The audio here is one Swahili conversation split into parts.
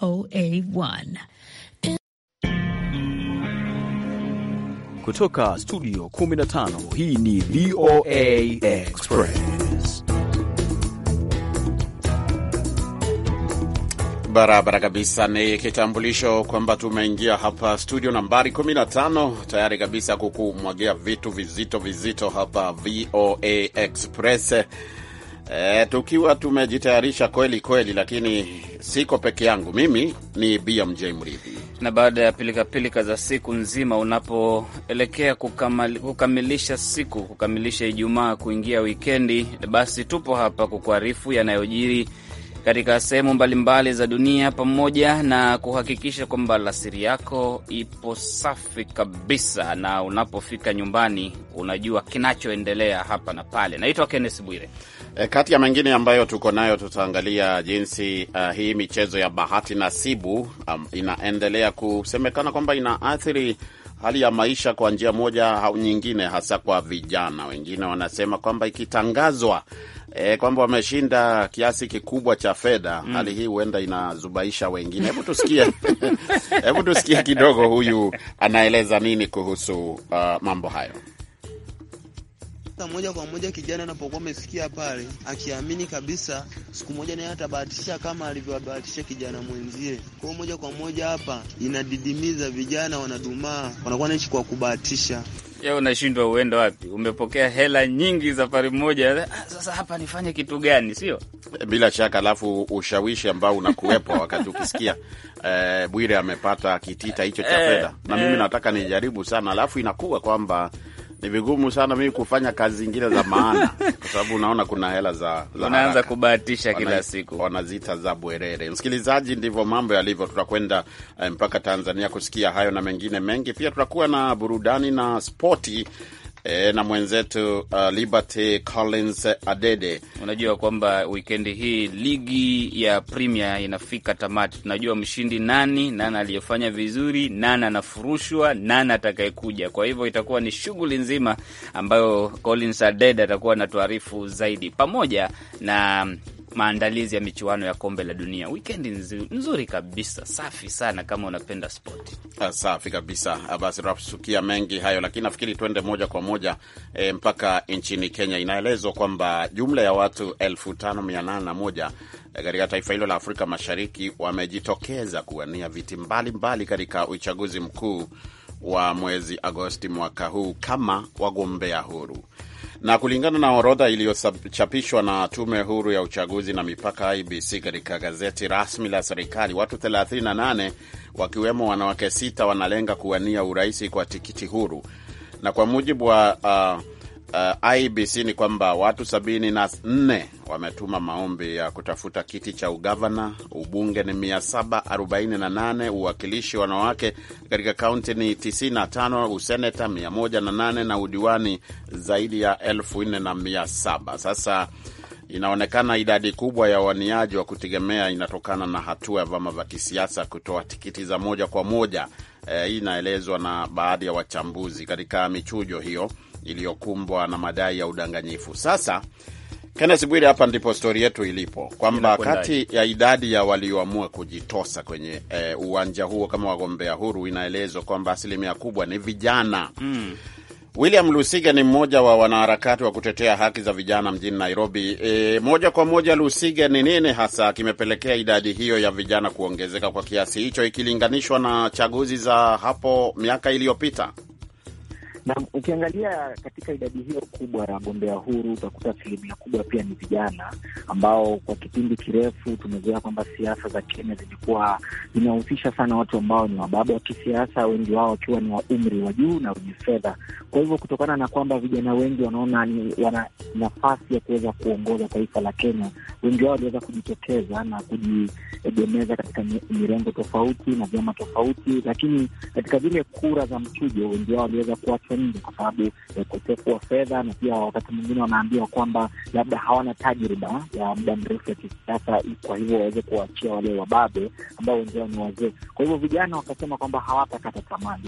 VOA1. Kutoka studio 15 hii ni VOA Express. Barabara kabisa, ni kitambulisho kwamba tumeingia hapa studio nambari 15 tayari kabisa kukumwagia vitu vizito vizito hapa VOA Express E, tukiwa tumejitayarisha kweli kweli, lakini siko peke yangu. Mimi ni BMJ Mridhi, na baada ya pilikapilika za siku nzima, unapoelekea kukamilisha siku, kukamilisha Ijumaa, kuingia wikendi, basi tupo hapa kukuarifu yanayojiri katika sehemu mbalimbali za dunia pamoja na kuhakikisha kwamba alasiri yako ipo safi kabisa, na unapofika nyumbani unajua kinachoendelea hapa na pale. Naitwa Kenneth Bwire. Eh, kati ya mengine ambayo tuko nayo tutaangalia jinsi uh, hii michezo ya bahati nasibu um, inaendelea kusemekana kwamba inaathiri hali ya maisha kwa njia moja au nyingine, hasa kwa vijana. Wengine wanasema kwamba ikitangazwa e, kwamba wameshinda kiasi kikubwa cha fedha mm, hali hii huenda inazubaisha wengine. Hebu tusikie, hebu tusikie kidogo, huyu anaeleza nini kuhusu uh, mambo hayo. Sasa moja kwa moja kijana anapokuwa amesikia pale, akiamini kabisa siku moja naye atabahatisha kama alivyobahatisha kijana mwenzie. Kwa moja kwa moja hapa inadidimiza, vijana wanadumaa, wanakuwa naishi kwa kubahatisha. Ya unashindwa uende wapi? Umepokea hela nyingi safari moja, ah, sasa hapa nifanye kitu gani? Sio eh, bila shaka, alafu ushawishi ambao unakuwepo wakati ukisikia eh, Bwire amepata kitita hicho cha eh, fedha na mimi eh. nataka nijaribu sana, alafu inakuwa kwamba ni vigumu sana mimi kufanya kazi zingine za maana kwa sababu unaona kuna hela za, za unaanza kubahatisha kila siku wanaziita za bwerere. Msikilizaji, ndivyo mambo yalivyo. Tutakwenda eh, mpaka Tanzania kusikia hayo na mengine mengi. Pia tutakuwa na burudani na spoti e, na mwenzetu uh, Liberty Collins Adede. Unajua kwamba wikendi hii ligi ya Premier inafika tamati, tunajua mshindi nani, nani aliyefanya vizuri, nani anafurushwa, nani atakayekuja. Kwa hivyo itakuwa ni shughuli nzima ambayo Collins Adede atakuwa na taarifu zaidi pamoja na maandalizi ya michuano ya kombe la dunia. Wikendi nzuri, nzuri kabisa, safi sana kama unapenda ah, Safi kabisa, ah, basi tutasukia mengi hayo, lakini nafikiri tuende moja kwa moja e, mpaka nchini Kenya. Inaelezwa kwamba jumla ya watu elfu tano mia nane na moja eh, katika taifa hilo la Afrika Mashariki wamejitokeza kuwania viti mbalimbali katika uchaguzi mkuu wa mwezi Agosti mwaka huu kama wagombea huru. Na kulingana na orodha iliyochapishwa na Tume Huru ya Uchaguzi na Mipaka IBC katika gazeti rasmi la serikali, watu 38 wakiwemo wanawake sita wanalenga kuwania urahisi kwa tikiti huru, na kwa mujibu wa uh, uh, IBC ni kwamba watu sabini na nne wametuma maombi ya kutafuta kiti cha ugavana. Ubunge ni 748, uwakilishi wanawake katika kaunti ni 95, useneta 108 na udiwani zaidi ya 4700. Sasa inaonekana idadi kubwa ya waniaji wa kutegemea inatokana na hatua ya vyama vya kisiasa kutoa tikiti za moja kwa moja. Eh, hii e, inaelezwa na baadhi ya wachambuzi katika michujo hiyo iliyokumbwa na madai ya udanganyifu. Sasa Kennes Bwire, hapa ndipo stori yetu ilipo kwamba kati ya idadi ya walioamua kujitosa kwenye e, uwanja huo kama wagombea huru inaelezwa kwamba asilimia kubwa ni vijana mm. William Lusige ni mmoja wa wanaharakati wa kutetea haki za vijana mjini Nairobi. E, moja kwa moja, Lusige, ni nini hasa kimepelekea idadi hiyo ya vijana kuongezeka kwa kiasi hicho ikilinganishwa na chaguzi za hapo miaka iliyopita? na ukiangalia katika idadi hiyo kubwa ya wagombea huru utakuta asilimia kubwa pia ni vijana ambao kwa kipindi kirefu tumezoea kwamba siasa za Kenya zilikuwa zinahusisha sana watu ambao ni wababa wa kisiasa, wengi wao wakiwa ni wa umri wa juu na wenye fedha. Kwa hivyo kutokana na kwamba vijana wengi wanaona ni wana nafasi ya kuweza kuongoza taifa la Kenya, wengi wao waliweza kujitokeza na kujiegemeza katika mirengo tofauti na vyama tofauti, lakini katika zile kura za mchujo wengi wao waliweza kuwa nje kwa sababu eh, ukosefu wa fedha na pia wakati mwingine wanaambiwa kwamba labda hawana tajriba ya muda mrefu ya kisiasa, kwa hivyo waweze kuwaachia wale wababe ambao wenziao ni wazee. Kwa hivyo vijana wakasema kwamba hawatakata tamaa.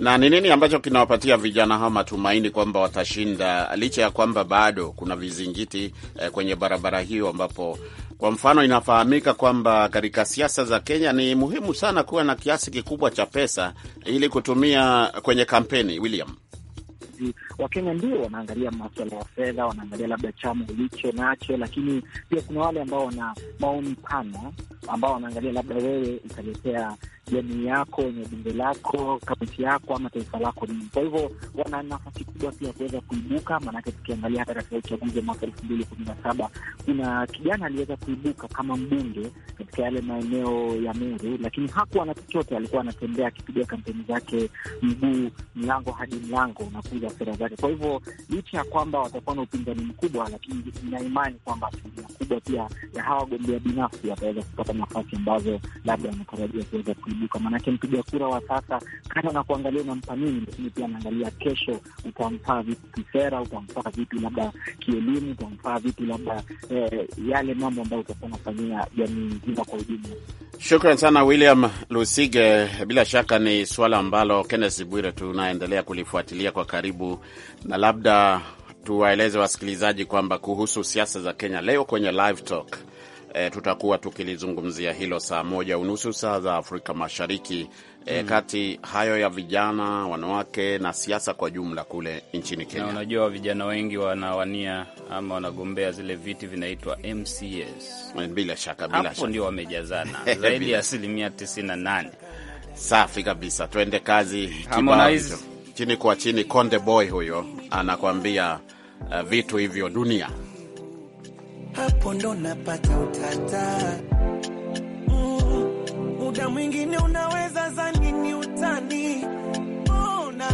Na ni nini ambacho kinawapatia vijana hawa matumaini kwamba watashinda, licha ya kwamba bado kuna vizingiti eh, kwenye barabara hiyo ambapo kwa mfano, inafahamika kwamba katika siasa za Kenya ni muhimu sana kuwa na kiasi kikubwa cha pesa ili kutumia kwenye kampeni. William kazi. Wakenya ndio wanaangalia maswala ya fedha, wanaangalia labda chama ulicho nacho, lakini pia kuna wale ambao wana maoni pana, ambao wanaangalia labda wewe utaletea jamii yako enye bunge lako kaunti yako ama taifa lako nini. Kwa hivyo wana nafasi kubwa pia kuweza kuibuka, maanake tukiangalia hata katika uchaguzi wa mwaka elfu mbili kumi na saba kuna kijana aliweza kuibuka kama mbunge katika yale maeneo ya Meru, lakini hakuwa na chochote. Alikuwa anatembea akipiga kampeni zake mguu mlango hadi mlango na ku ajili ya sera zake. Kwa hivyo licha ya kwamba watakuwa na upinzani mkubwa, lakini ina imani kwamba asilimia kubwa pia ya hawa wagombea binafsi wataweza kupata nafasi ambazo labda wanatarajia kuweza kuibuka. Maanake mpiga kura wa sasa, kana na kuangalia unampa nini, lakini pia anaangalia kesho, utamfaa vipi kisera, utamfaa vipi labda kielimu, utamfaa vipi labda eh, yale mambo ambayo utakuwa unafanyia jamii nzima kwa ujumla. Shukran sana William Lusige. Bila shaka ni suala ambalo Kenneth Bwire tunaendelea kulifuatilia kwa karibu karibu, na labda tuwaeleze wasikilizaji kwamba kuhusu siasa za Kenya leo kwenye Live Talk E, tutakuwa tukilizungumzia hilo saa moja unusu saa za Afrika Mashariki e, mm. Kati hayo ya vijana, wanawake na siasa kwa jumla kule nchini Kenya. Na unajua vijana wengi wanawania ama wanagombea zile viti vinaitwa MCS. Eh, bila shaka, bila hapo ndio wamejazana zaidi ya asilimia 98. Safi kabisa, twende kazi chini kwa chini. Konde Boy huyo anakwambia uh, vitu hivyo dunia. Hapo ndo napata utata mm, muda mm, mwingine unaweza zanini utani ona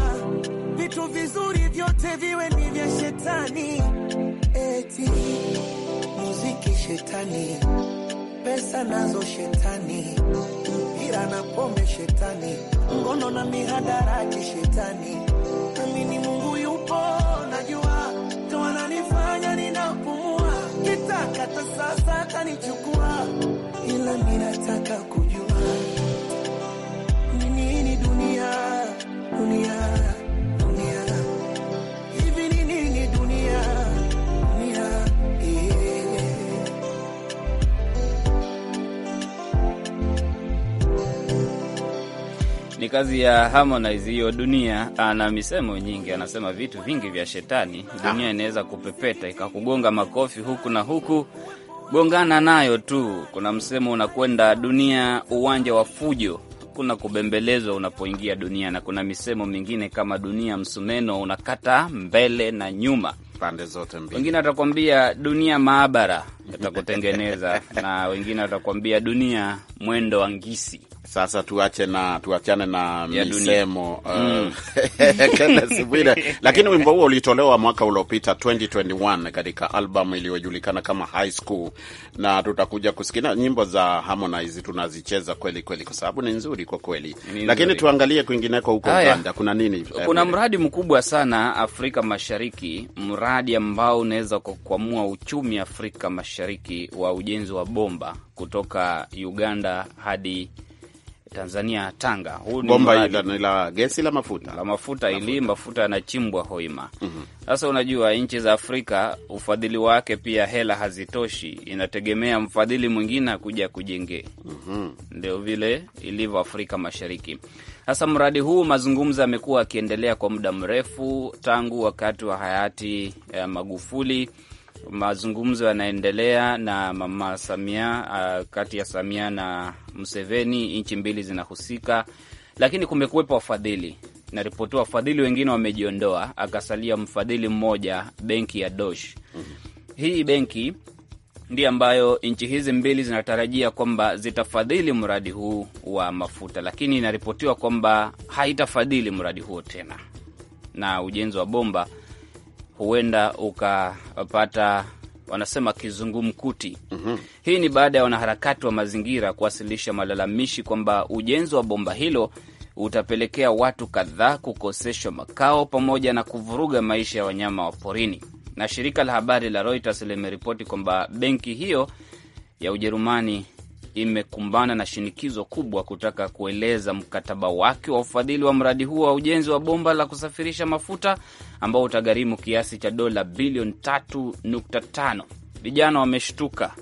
vitu vizuri vyote viwe ni vya shetani eti muziki shetani pesa nazo shetani, mpira na pombe shetani, ngono na mihadarati shetani. Amini Mungu yupo, najua ndo ninapumua, kitakata sasa kanichukua, ila ninataka kujua ni nini dunia dunia Ni kazi ya Harmonize hiyo. Dunia ana ah, misemo nyingi, anasema vitu vingi vya shetani. Dunia ah. inaweza kupepeta ikakugonga makofi huku na huku, gongana nayo tu. Kuna msemo unakwenda dunia uwanja wa fujo, kuna kubembelezwa unapoingia dunia, na kuna misemo mingine kama dunia msumeno unakata mbele na nyuma pande zote mbili. Wengine watakwambia dunia maabara yatakutengeneza na wengine watakwambia dunia mwendo wa ngisi. Sasa tuache na tuachane na ya misemo uh, mm. Lakini wimbo huo ulitolewa mwaka uliopita 2021 katika albamu iliyojulikana kama High School, na tutakuja kusikia nyimbo za Harmonize tunazicheza kweli kweli, kwa sababu ni nzuri kwa kweli nzuri. Lakini tuangalie kwingineko huko Uganda kuna nini? Eh, kuna mradi mkubwa sana Afrika Mashariki, mradi ambao unaweza kukwamua uchumi Afrika Mashariki wa ujenzi wa bomba kutoka Uganda hadi Tanzania, Tanga. Huu ni bomba la gesi la mafuta la mafuta, ili mafuta yanachimbwa Hoima. Mhm. Sasa mm -hmm. Unajua nchi za Afrika ufadhili wake pia hela hazitoshi, inategemea mfadhili mwingine akuja kujengee. mm -hmm. Ndio vile ilivyo Afrika Mashariki. Sasa mradi huu, mazungumzo yamekuwa akiendelea kwa muda mrefu tangu wakati wa hayati eh, Magufuli mazungumzo yanaendelea na mama Samia, uh, kati ya Samia na Museveni, nchi mbili zinahusika, lakini kumekuwepo wafadhili na ripoti, wafadhili wengine wamejiondoa, akasalia mfadhili mmoja, benki ya Dosh. Mhm. Hii benki ndiyo ambayo nchi hizi mbili zinatarajia kwamba zitafadhili mradi huu wa mafuta, lakini inaripotiwa kwamba haitafadhili mradi huo tena na ujenzi wa bomba huenda ukapata wanasema kizungumkuti. mm -hmm. Hii ni baada ya wanaharakati wa mazingira kuwasilisha malalamishi kwamba ujenzi wa bomba hilo utapelekea watu kadhaa kukoseshwa makao pamoja na kuvuruga maisha ya wanyama wa porini. Na shirika la habari la Reuters limeripoti kwamba benki hiyo ya Ujerumani imekumbana na shinikizo kubwa kutaka kueleza mkataba wake wa ufadhili wa mradi huo wa ujenzi wa bomba la kusafirisha mafuta ambao utagharimu kiasi cha dola bilioni 3.5. Vijana wameshtuka.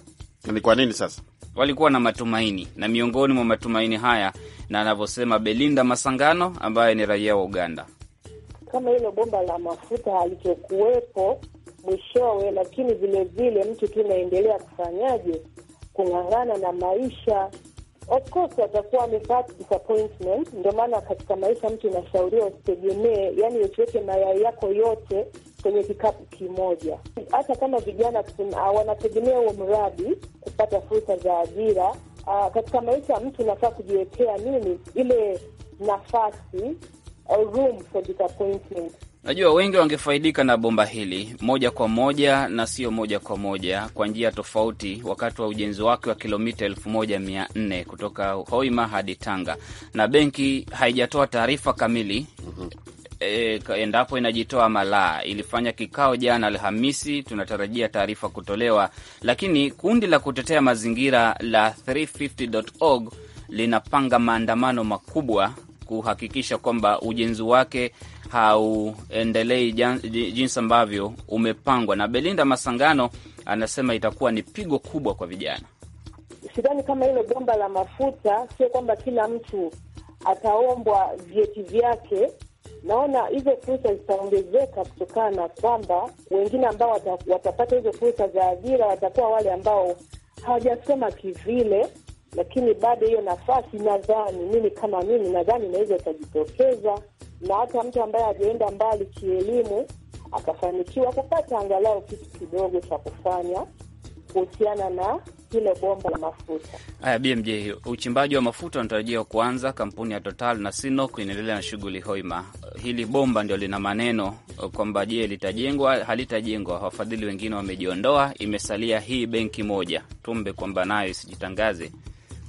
Ni kwa nini sasa? Walikuwa na matumaini, na miongoni mwa matumaini haya na anavyosema Belinda Masangano ambaye ni raia wa Uganda, kama hilo bomba la mafuta halitokuwepo mwishowe, lakini vilevile mtu tu unaendelea kufanyaje kung'ang'ana na maisha. Of course watakuwa wamepata disappointment. Ndio maana katika maisha mtu inashauriwa usitegemee, yani usiweke mayai yako yote kwenye kikapu kimoja. Hata kama vijana ah, wanategemea huo mradi kupata fursa za ajira, uh, katika maisha mtu unafaa kujiwekea nini ile nafasi, uh, room for disappointment Najua wengi wangefaidika na bomba hili moja kwa moja na sio moja kwa moja, kwa njia tofauti, wakati wa ujenzi wake wa kilomita 14 kutoka Hoima hadi Tanga, na benki haijatoa taarifa kamili mm -hmm. E, endapo inajitoa malaa. Ilifanya kikao jana Alhamisi, tunatarajia taarifa kutolewa, lakini kundi la kutetea mazingira la 350.org linapanga maandamano makubwa kuhakikisha kwamba ujenzi wake hauendelei jinsi ambavyo umepangwa. Na Belinda Masangano anasema itakuwa ni pigo kubwa kwa vijana. Sidhani kama hilo bomba la mafuta, sio kwamba kila mtu ataombwa vyeti vyake. Naona hizo fursa zitaongezeka kutokana na kwamba wengine ambao watapata hizo fursa za ajira watakuwa wale ambao hawajasoma kivile lakini bado hiyo nafasi, nadhani mimi kama mimi nadhani inaweza ikajitokeza, na hata mtu ambaye ajaenda mbali kielimu akafanikiwa kupata angalau kitu kidogo cha kufanya kuhusiana na hilo bomba la mafuta. Haya, BMJ, uchimbaji wa mafuta unatarajia kuanza. Kampuni ya Total na Sinok inaendelea na shughuli Hoima. Hili bomba ndio lina maneno kwamba, je, litajengwa halitajengwa? Wafadhili wengine wamejiondoa, imesalia hii benki moja Tumbe kwamba nayo isijitangaze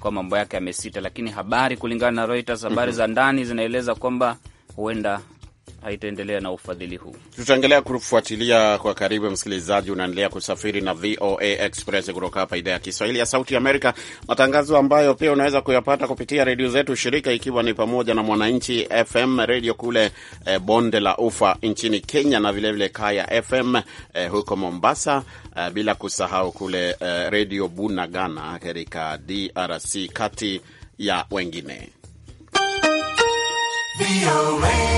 kuwa mambo yake yamesita, lakini habari kulingana na Reuters, habari mm -hmm. za ndani zinaeleza kwamba huenda haitaendelea na ufadhili huu. Tutaendelea kufuatilia kwa karibu. Msikilizaji, unaendelea kusafiri na VOA Express kutoka hapa idhaa ya Kiswahili ya Sauti Amerika, matangazo ambayo pia unaweza kuyapata kupitia redio zetu shirika, ikiwa ni pamoja na Mwananchi FM redio kule eh, bonde la ufa nchini Kenya, na vilevile vile Kaya FM eh, huko Mombasa eh, bila kusahau kule eh, redio Bunagana katika DRC kati ya wengine. VOA.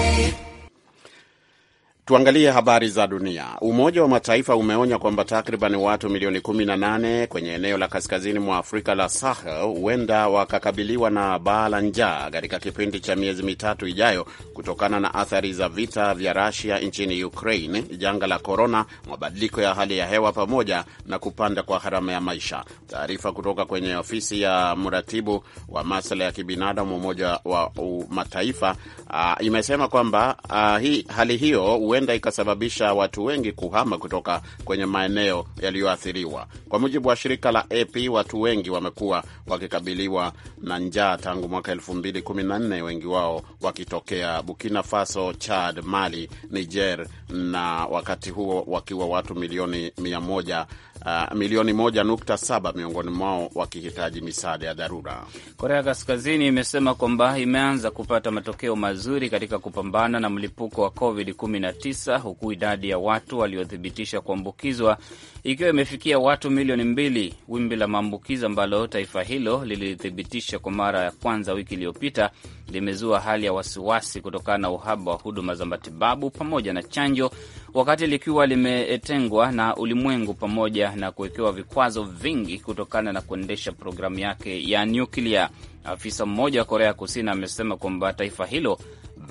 Tuangalie habari za dunia. Umoja wa Mataifa umeonya kwamba takriban watu milioni 18 kwenye eneo la kaskazini mwa Afrika la Sahel huenda wakakabiliwa na baa la njaa katika kipindi cha miezi mitatu ijayo kutokana na athari za vita vya Rusia nchini Ukraine, janga la korona, mabadiliko ya hali ya hewa, pamoja na kupanda kwa gharama ya maisha. Taarifa kutoka kwenye ofisi ya mratibu wa masuala ya kibinadamu Umoja wa Mataifa uh, imesema kwamba uh, hi, hali hiyo huenda ikasababisha watu wengi kuhama kutoka kwenye maeneo yaliyoathiriwa. Kwa mujibu wa shirika la AP, watu wengi wamekuwa wakikabiliwa na njaa tangu mwaka 2014, wengi wao wakitokea Burkina Faso, Chad, Mali, Niger na wakati huo wakiwa watu milioni moja uh, milioni 1.7 miongoni mwao wakihitaji misaada ya dharura. Korea Kaskazini imesema kwamba imeanza kupata matokeo mazuri katika kupambana na mlipuko wa COVID-19 huku idadi ya watu waliothibitisha kuambukizwa ikiwa imefikia watu milioni mbili. Wimbi la maambukizi ambalo taifa hilo lilithibitisha kwa mara ya kwanza wiki iliyopita limezua hali ya wasiwasi kutokana na uhaba wa huduma za matibabu pamoja na chanjo, wakati likiwa limetengwa na ulimwengu pamoja na kuwekewa vikwazo vingi kutokana na kuendesha programu yake ya nyuklia. Afisa mmoja wa Korea Kusini amesema kwamba taifa hilo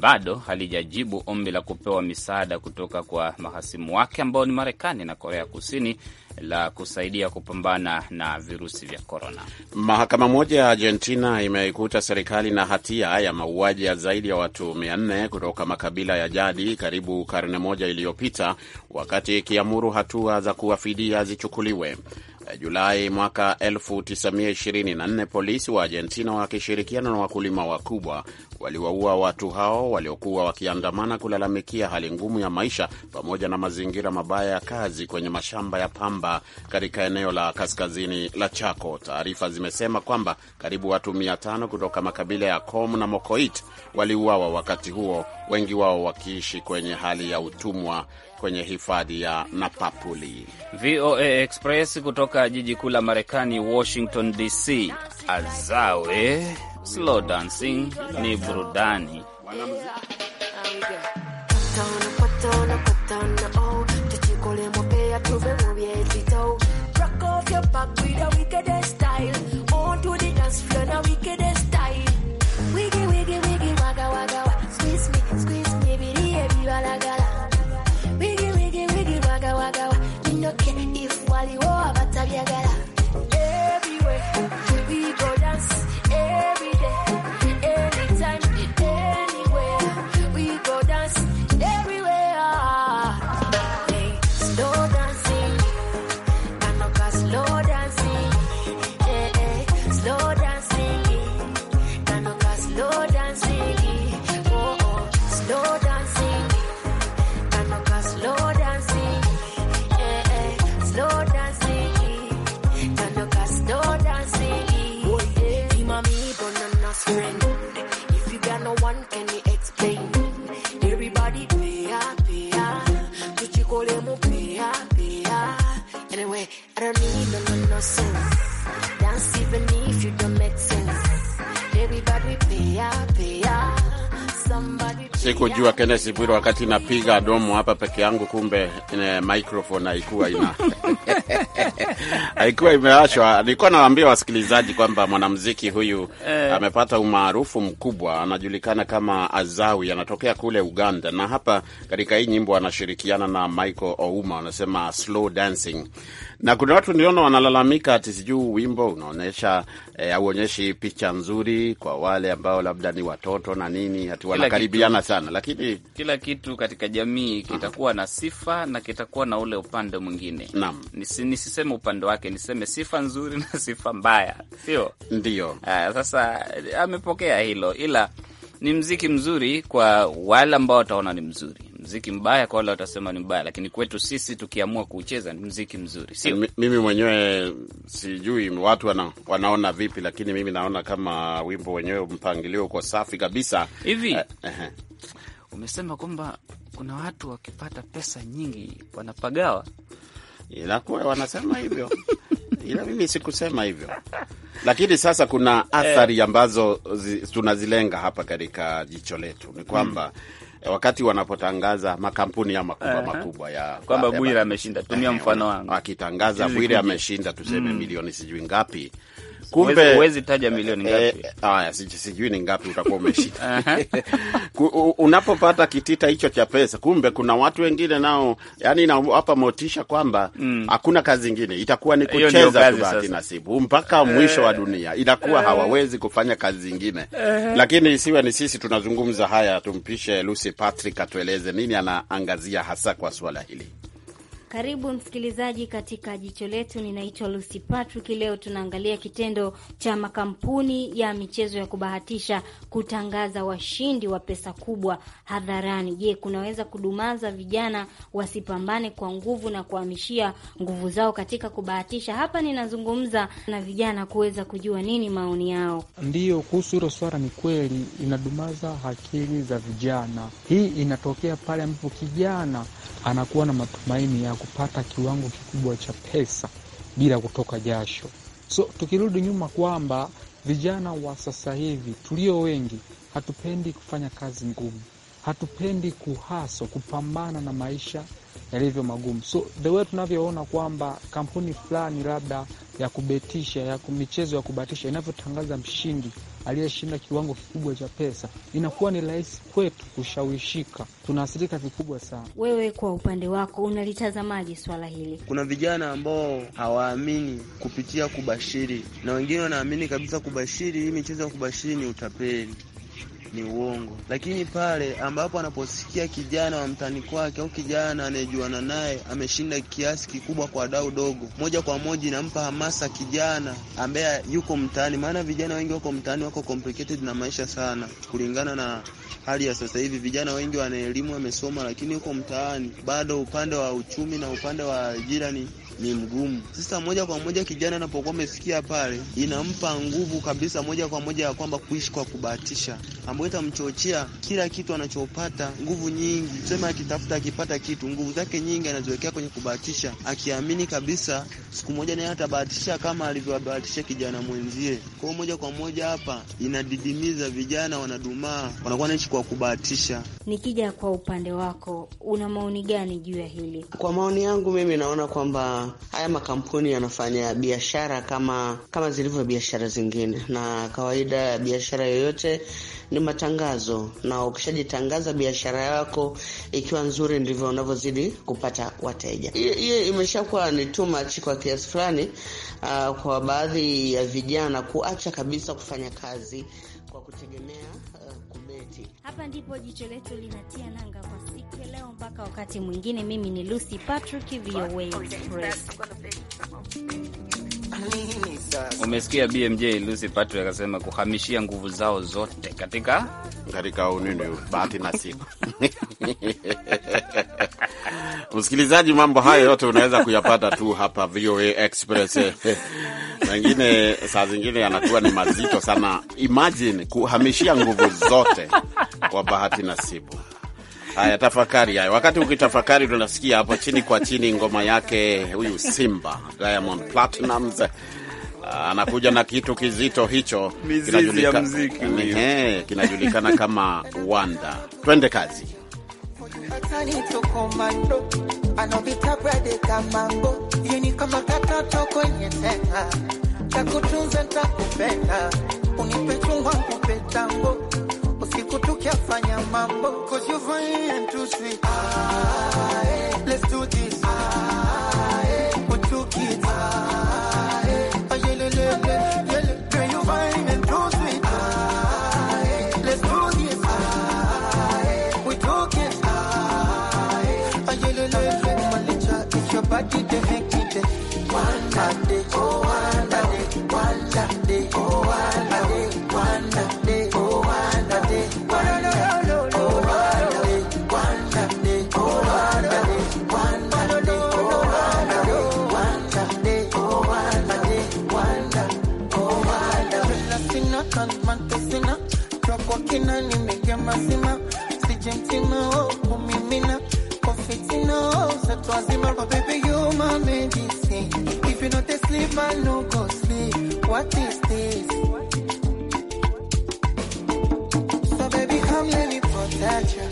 bado halijajibu ombi la kupewa misaada kutoka kwa mahasimu wake ambao ni Marekani na Korea Kusini la kusaidia kupambana na virusi vya korona. Mahakama moja ya Argentina imeikuta serikali na hatia ya mauaji ya zaidi ya watu 4 kutoka makabila ya jadi karibu karne moja iliyopita, wakati ikiamuru hatua za kuwafidia zichukuliwe. Julai mwaka 1924 polisi wa Argentina wakishirikiana na wakulima wakubwa waliwaua watu hao waliokuwa wakiandamana kulalamikia hali ngumu ya maisha pamoja na mazingira mabaya ya kazi kwenye mashamba ya pamba katika eneo la kaskazini la Chaco. Taarifa zimesema kwamba karibu watu 500 kutoka makabila ya Kom na Mokoit waliuawa wakati huo, wengi wao wakiishi kwenye hali ya utumwa kwenye hifadhi ya Napapuli. VOA Express kutoka jiji kuu la Marekani, Washington DC. Azawe slow dancing ni burudani friend. Sikujua Kenesi Bwiro, wakati napiga domo hapa peke yangu, kumbe microphone haikuwa ina haikuwa imeashwa. Nilikuwa nawaambia wasikilizaji kwamba mwanamuziki huyu eh, amepata umaarufu mkubwa, anajulikana kama Azawi, anatokea kule Uganda, na hapa katika hii nyimbo anashirikiana na Michael Ouma, wanasema slow dancing na kuna watu niliona wanalalamika ati sijuu wimbo unaonyesha eh, hauonyeshi e, picha nzuri kwa wale ambao labda ni watoto na nini, ati wanakaribiana sana, lakini kila kitu katika jamii kitakuwa na sifa na kitakuwa na ule upande mwingine. Naam, Nisi, nisiseme upande wake, niseme sifa nzuri na sifa mbaya, sio ndio? Ah, sasa eh, amepokea hilo, ila ni mziki mzuri kwa wale ambao wataona ni mzuri mziki mbaya kwa wale watasema ni mbaya, lakini kwetu sisi tukiamua kuucheza ni mziki mzuri, sio? Mimi mwenyewe sijui watu wana, wanaona vipi, lakini mimi naona kama wimbo wenyewe mpangilio uko safi kabisa hivi. eh, eh. Umesema kwamba kuna watu wakipata pesa nyingi wanapagawa, inakuwa wanasema hivyo ila mimi sikusema hivyo, lakini sasa kuna athari eh. ambazo zi, tunazilenga hapa katika jicho letu ni kwamba hmm. Eh, wakati wanapotangaza makampuni ya makubwa makubwa ya kwamba Bwire ameshinda, tumia mfano wangu, akitangaza Bwire ameshinda tuseme mm, milioni sijui ngapi Kumbe huwezi taja milioni eh, ngapi? Eh, haya, sijui ni ngapi utakuwa umeshika. Unapopata kitita hicho cha pesa, kumbe kuna watu wengine nao, yani inawapa motisha kwamba mm. hakuna mm, kazi ingine itakuwa ni kucheza tu bahati nasibu mpaka eh. mwisho wa dunia, inakuwa hawawezi kufanya kazi ingine. Lakini isiwe ni sisi tunazungumza haya, tumpishe Lucy Patrick atueleze nini anaangazia hasa kwa suala hili. Karibu msikilizaji katika jicho letu. Ninaitwa Lucy Patrick. Leo tunaangalia kitendo cha makampuni ya michezo ya kubahatisha kutangaza washindi wa pesa kubwa hadharani. Je, kunaweza kudumaza vijana wasipambane kwa nguvu na kuhamishia nguvu zao katika kubahatisha? Hapa ninazungumza na vijana kuweza kujua nini maoni yao. Ndiyo, kuhusu hilo swala, ni kweli inadumaza akili za vijana. Hii inatokea pale ambapo kijana anakuwa na matumaini ya kupata kiwango kikubwa cha pesa bila kutoka jasho. So tukirudi nyuma kwamba vijana wa sasa hivi tulio wengi hatupendi kufanya kazi ngumu, hatupendi kuhaso kupambana na maisha yalivyo magumu. So the way tunavyoona kwamba kampuni fulani labda ya kubetisha ya michezo ya kubatisha inavyotangaza mshindi aliyeshinda kiwango kikubwa cha pesa, inakuwa ni rahisi kwetu kushawishika. Tunaathirika vikubwa sana. Wewe kwa upande wako unalitazamaje swala hili? Kuna vijana ambao hawaamini kupitia kubashiri, na wengine wanaamini kabisa kubashiri. Hii michezo ya kubashiri ni utapeli ni uongo, lakini pale ambapo anaposikia kijana wa mtani kwake au kijana anayejuana naye ameshinda kiasi kikubwa kwa dau dogo, moja kwa moja inampa hamasa kijana ambaye yuko mtaani, maana vijana wengi wako mtaani wako complicated na maisha sana, kulingana na hali ya sasa hivi. Vijana wengi wana elimu, wamesoma, lakini yuko mtaani bado upande wa uchumi na upande wa ajira ni ni mgumu. Sasa moja kwa moja kijana anapokuwa amefikia pale, inampa nguvu kabisa moja kwa moja ya kwamba kuishi kwa kubahatisha, ambayo itamchochea kila kitu anachopata nguvu nyingi. Sema akitafuta akipata kitu, nguvu zake nyingi anaziwekea kwenye kubahatisha, akiamini kabisa siku moja naye atabahatisha kama alivyobahatisha kijana mwenzie. Kwao moja kwa moja hapa inadidimiza vijana, wanadumaa, wanakuwa naishi kwa kubahatisha. Nikija kwa upande wako, una maoni gani juu ya hili? Kwa maoni yangu mimi naona kwamba haya makampuni yanafanya biashara kama kama zilivyo biashara zingine, na kawaida ya biashara yoyote ni matangazo, na ukishajitangaza biashara yako ikiwa nzuri, ndivyo unavyozidi kupata wateja. Hiyo imeshakuwa ni too much kwa kiasi fulani, uh, kwa baadhi ya vijana kuacha kabisa kufanya kazi kwa kutegemea yote. Hapa ndipo jicho letu linatia nanga kwa siku ya leo, mpaka wakati mwingine. Mimi ni Lucy Patrick, VOA Express. Umesikia BMJ, Lucy Patrick akasema kuhamishia nguvu zao zote katika katika unini bahati nasibu msikilizaji, mambo hayo yote unaweza kuyapata tu hapa VOA Express. mengine saa zingine yanakuwa ni mazito sana. Imagine kuhamishia nguvu zote kwa bahati nasibu. Haya, tafakari hayo. Wakati ukitafakari, tunasikia hapo chini kwa chini ngoma yake huyu Simba Diamond Platnumz anakuja na kitu kizito hicho, kinajulikana kinajulikana kama Wanda. Twende kazi. Takutunza, takupenda, unipe chungwa, nikupe tango, usiku tukiafanya mambo sobebihamlevifoteca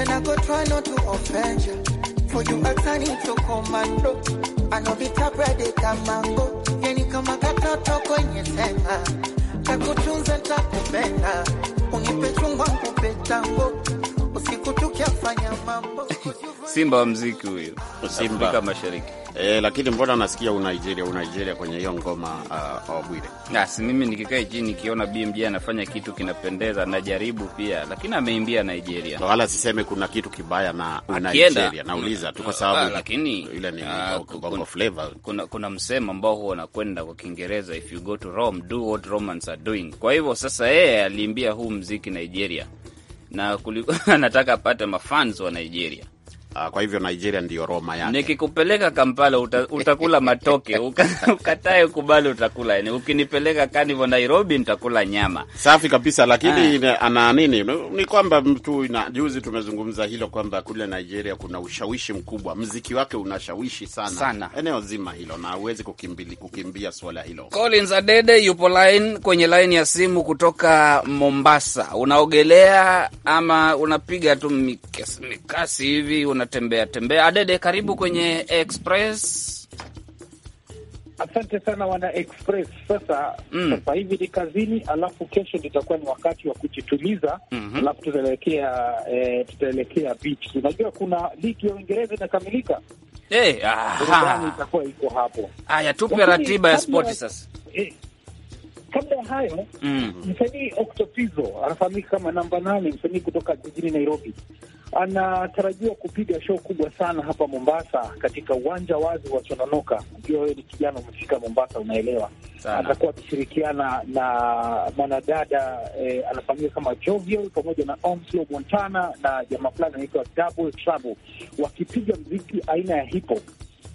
enakotwanotu opeca fojukatani chokomando anovitapadeka mango yeni kamakatatokoenye sena takutunze ta kumena unepetungwakupetambo usikutukeamfanya mambo Simba wa mziki huyo, Simba Afrika Mashariki. E, lakini mbona nasikia unigeria unigeria kwenye hiyo ngoma uh, Obwile? Basi mimi nikikae chini nikiona BMJ anafanya kitu kinapendeza najaribu pia, lakini ameimbia Nigeria, wala siseme kuna kitu kibaya na Nigeria, nauliza tu kwa ah, sababu lakini ile ni ah, bongo flavor. Kuna, kuna msemo ambao huwa unakwenda kwa Kiingereza, if you go to Rome do what Romans are doing. Kwa hivyo sasa yeye aliimbia huu mziki Nigeria na anataka apate mafans wa Nigeria Ah, kwa hivyo Nigeria ndiyo Roma yake. Nikikupeleka Kampala uta, utakula matoke ukatae kubali, utakula yani. Ukinipeleka Kanivo Nairobi nitakula nyama safi kabisa, lakini ah. ana nini ni kwamba mtu na juzi tumezungumza hilo kwamba kule Nigeria kuna ushawishi mkubwa, mziki wake unashawishi sana, sana eneo zima hilo, na huwezi kukimbili, kukimbia swala hilo. Collins Adede yupo line kwenye line ya simu kutoka Mombasa. Unaogelea ama unapiga tu mikasi hivi una tunatembea tembea. Adede, karibu kwenye Express. Asante sana wana Express. Sasa mm. sasa hivi ni kazini, alafu kesho nitakuwa ni wakati wa kujituliza mm -hmm. alafu tutaelekea e, tutaelekea beach. Unajua kuna ligi ya Uingereza inakamilika, eh, itakuwa iko hapo. Haya, tupe ratiba ya spoti sasa eh. Kabla ya hayo mm msanii Octopizo anafahamika kama namba nane, msanii kutoka jijini Nairobi, anatarajiwa kupiga show kubwa sana hapa Mombasa katika uwanja wazi wa Chononoka. Ukiwa wewe ni kijana umefika Mombasa, unaelewa. Atakuwa akishirikiana na mwanadada eh, anafahamika kama Jovial pamoja na Omslo Montana na jamaa fulani anaitwa Double Trouble, wakipiga mziki aina ya hip hop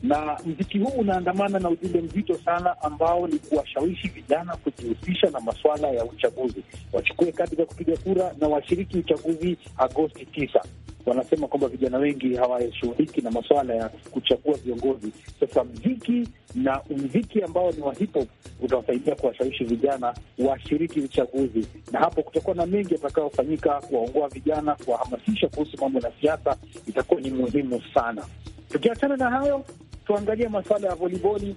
na mziki huu unaandamana na ujumbe mzito sana ambao ni kuwashawishi vijana kujihusisha na masuala ya uchaguzi, wachukue kadi za kupiga kura na washiriki uchaguzi Agosti tisa. Wanasema kwamba vijana wengi hawashughuliki na masuala ya kuchagua viongozi. Sasa mziki na mziki ambao ni wa hip hop utawasaidia kuwashawishi vijana washiriki uchaguzi, na hapo kutakuwa na mengi yatakayofanyika kuwaongoa vijana, kuwahamasisha kuhusu mambo na siasa, itakuwa ni muhimu sana. Tukiachana na hayo tuangalie masuala ya voliboli.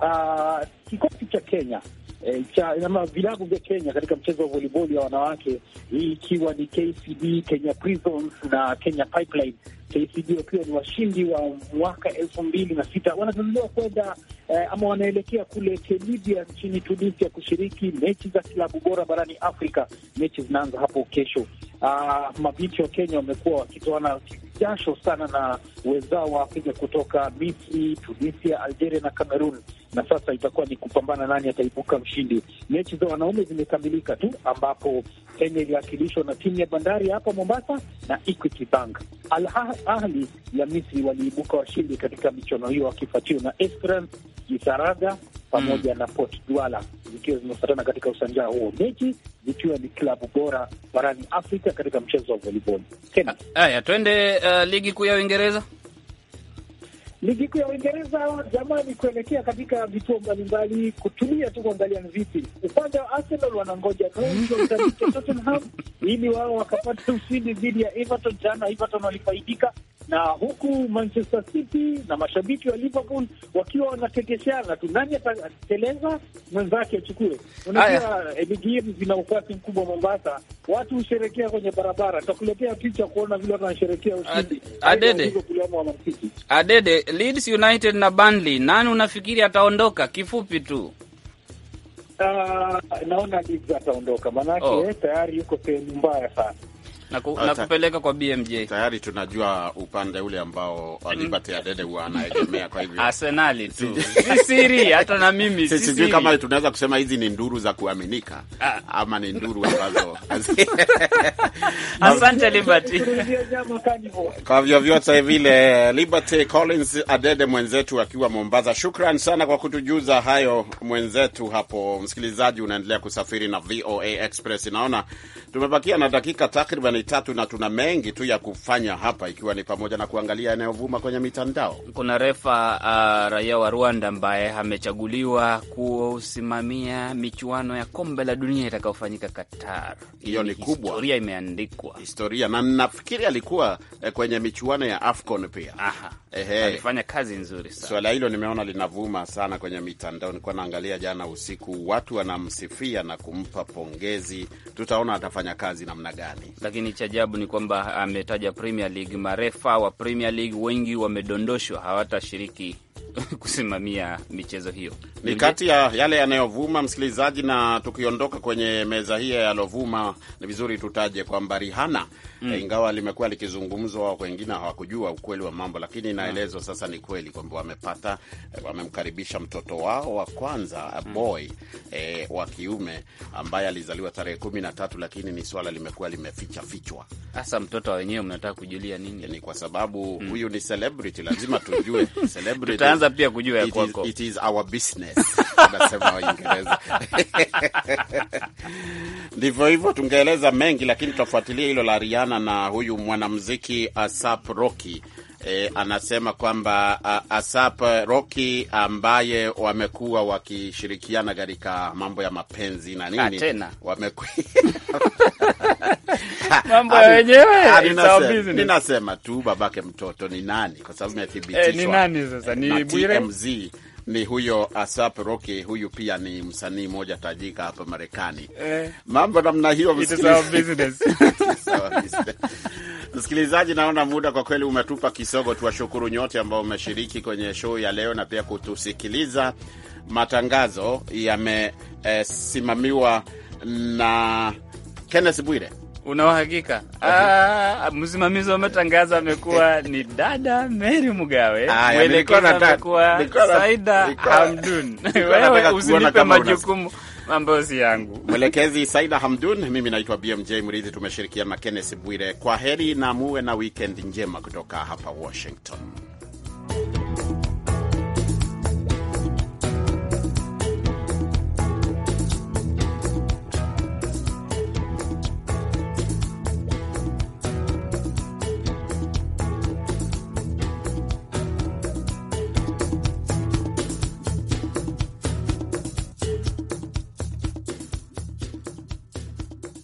Uh, kikosi cha Kenya e, cha ama vilabu vya Kenya katika mchezo wa voliboli ya wanawake, hii ikiwa ni KCB, Kenya Prisons na Kenya Pipeline. KCB wakiwa ni washindi wa mwaka elfu mbili na sita wanazunuliwa kwenda eh, ama wanaelekea kule Kelibia nchini Tunisia kushiriki mechi za kilabu bora barani Afrika. Mechi zinaanza hapo kesho. Ah, mabichi wa Kenya wamekuwa wakitoana jasho sana na wenzao wa Afrika kutoka Misri, Tunisia, Algeria na Cameroon na sasa itakuwa ni kupambana nani ataibuka mshindi. Mechi za wanaume zimekamilika tu, ambapo Kenya iliwakilishwa na timu ya Bandari hapa Mombasa na Equity Bank. Al Ahli ya Misri waliibuka washindi katika michuano hiyo, wakifuatiwa na Esperance Gisaraga pamoja mm. na Port Duala zikiwa zimefuatana katika usanjaa huo, mechi zikiwa ni klabu bora barani Afrika katika mchezo wa volleyball. Haya, twende uh, ligi kuu ya Uingereza. Ligi kuu ya Uingereza jamani, kuelekea katika vituo mbalimbali, kutulia tu kuangalia ni vipi. Upande wa Arsenal wanangoja Tottenham ili wao wakapata ushindi dhidi ya Everton. Jana Everton walifaidika na huku Manchester City na mashabiki wa Liverpool wakiwa wanatekeshana tu, nani atateleza mwenzake achukue. Unajua ligi zina ufasi mkubwa Mombasa, watu husherekea kwenye barabara. Takuletea picha kuona vile watu wanasherekea ushindi. Adede Adede, Leeds United na Burnley, nani unafikiri ataondoka? Kifupi tu. Uh, naona Leeds ataondoka maanake, oh, tayari yuko sehemu mbaya sana na, ku, ah, na kupeleka kwa BMJ. Tayari tunajua upande ule ambao Liberty mm-hmm. Adede huwa anaegemea, kwa hivyo Arsenal tu si siri, hata na mimi si sijui kama tunaweza kusema hizi ni nduru za kuaminika ah. ama ni nduru ambazo asante Liberty. Kwa vyovyote vile, Liberty Collins Adede mwenzetu akiwa Mombasa, shukran sana kwa kutujuza hayo mwenzetu hapo. Msikilizaji, unaendelea kusafiri na VOA Express. Naona tumebakia na dakika takriban ni tatu na tuna mengi tu ya kufanya hapa, ikiwa ni pamoja na kuangalia yanayovuma kwenye mitandao. Kuna refa uh, raia wa Rwanda ambaye amechaguliwa kusimamia michuano ya kombe la dunia itakayofanyika Qatar. Hiyo ni kubwa, historia imeandikwa, historia na nafikiri alikuwa eh, kwenye michuano ya AFCON pia. Aha, ehe, alifanya kazi nzuri sana. Swala hilo nimeona linavuma sana kwenye mitandao, nilikuwa naangalia jana usiku, watu wanamsifia na kumpa pongezi. Tutaona atafanya kazi namna gani, lakini lakini cha ajabu ni kwamba ametaja Premier League. Marefa wa Premier League wengi wamedondoshwa, hawatashiriki kusimamia michezo hiyo. Ni kati ya yale yanayovuma, msikilizaji, na tukiondoka kwenye meza hiyo yalovuma, ni vizuri tutaje kwamba Rihanna mm. E, ingawa limekuwa likizungumzwa, wengine hawakujua ukweli wa mambo, lakini inaelezwa mm. sasa ni kweli kwamba wamepata, eh, wamemkaribisha mtoto wao wa kwanza mm. boy e, wa kiume ambaye alizaliwa tarehe kumi na tatu, lakini ni swala limekuwa limeficha vichwa. Hasa mtoto wenyewe mnataka kujulia nini? Yani kwa sababu mm, huyu ni celebrity, lazima tujue celebrity. Tutaanza pia kujua ya kwako, it is our business nasema Waingereza ndivyo hivyo. Tungeeleza mengi, lakini tutafuatilia hilo la Rihanna na huyu mwanamuziki Asap Rocky. E, anasema kwamba Asap Rocky ambaye wamekuwa wakishirikiana katika mambo ya mapenzi na nini, ah, wamekuwa mambo ya wenyewe. Mimi ah, nasema tu babake mtoto ni nani, kwa sababu imethibitishwa. Eh, ni nani sasa? Ni Bwire MZ ni huyo Asap Rocky, huyu pia ni msanii mmoja tajika hapa Marekani eh. Mambo namna hiyo, msikilizaji naona muda kwa kweli umetupa kisogo. Tuwashukuru nyote ambao umeshiriki kwenye show ya leo na pia kutusikiliza. Matangazo yamesimamiwa eh, na Kenneth Bwire Una uhakika? Ah, msimamizi wa matangazo amekuwa ni dada Mary Mugawe, mwelekezi amekuwa Saida Hamdun. Wewe usinipe majukumu ambayo si yangu. Mwelekezi Saida Hamdun, mimi naitwa BMJ Murithi, tumeshirikiana na Kenneth Bwire. Kwa heri na muwe na wikendi njema kutoka hapa Washington.